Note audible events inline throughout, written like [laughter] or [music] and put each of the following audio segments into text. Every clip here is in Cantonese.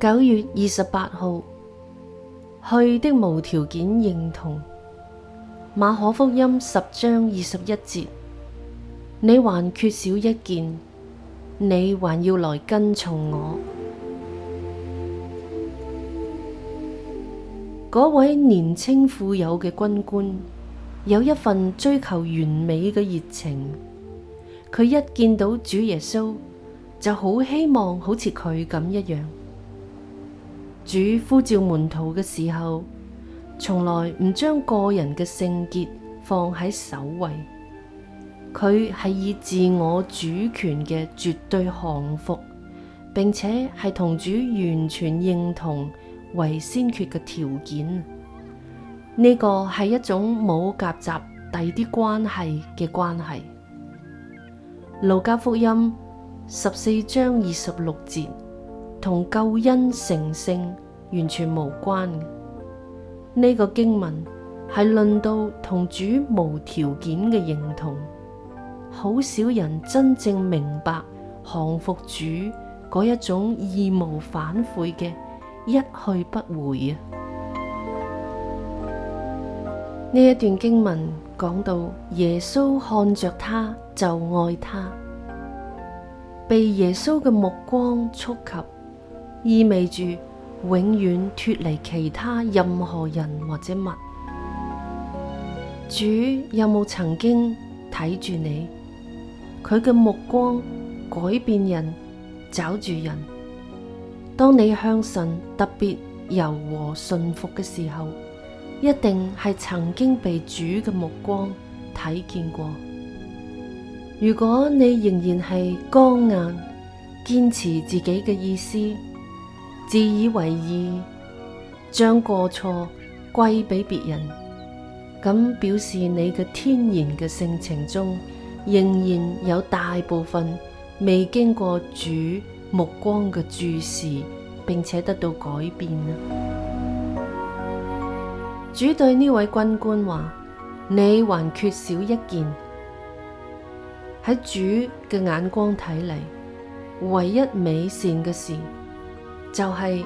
九月二十八號，去的無條件認同馬可福音十章二十一節，你還缺少一件，你還要來跟從我。嗰 [music] 位年青富有嘅軍官，有一份追求完美嘅熱情，佢一見到主耶穌。就好希望好似佢咁一樣。主呼召門徒嘅時候，從來唔將個人嘅聖潔放喺首位。佢係以自我主權嘅絕對降服，並且係同主完全認同為先決嘅條件。呢個係一種冇夾雜第啲關係嘅關係。路加福音。十四章二十六節同救恩成聖完全無關。呢個經文係論到同主無條件嘅認同，好少人真正明白降服主嗰一種義無反悔嘅一去不回啊！呢一段經文講到耶穌看着他就愛他。被耶穌嘅目光觸及，意味住永遠脫離其他任何人或者物。主有冇曾經睇住你？佢嘅目光改變人，找住人。當你向神特別柔和信服嘅時候，一定係曾經被主嘅目光睇見過。如果你仍然係剛硬，堅持自己嘅意思，自以為義，將過錯歸俾別人，咁表示你嘅天然嘅性情中，仍然有大部分未經過主目光嘅注視，並且得到改變。 [noise] 主對呢位軍官話：你還缺少一件。喺主嘅眼光睇嚟，唯一美善嘅事就係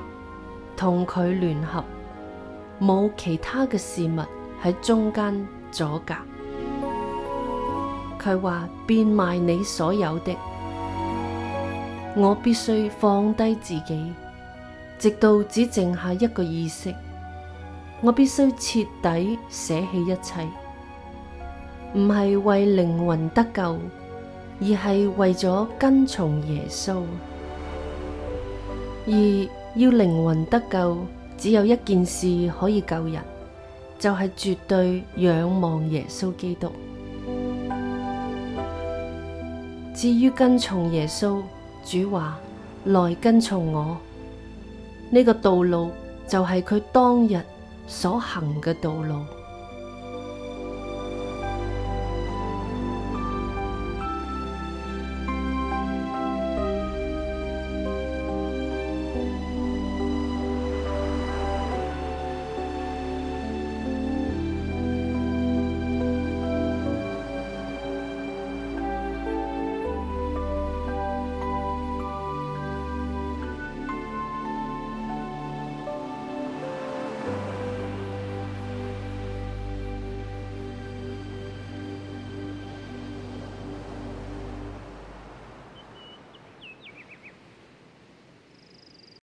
同佢聯合，冇其他嘅事物喺中間阻隔。佢話變賣你所有的，我必須放低自己，直到只剩下一個意識。我必須徹底捨棄一切，唔係為靈魂得救。而係為咗跟從耶穌，而要靈魂得救，只有一件事可以救人，就係絕對仰望耶穌基督。至於跟從耶穌，主話：來跟從我，呢個道路就係佢當日所行嘅道路。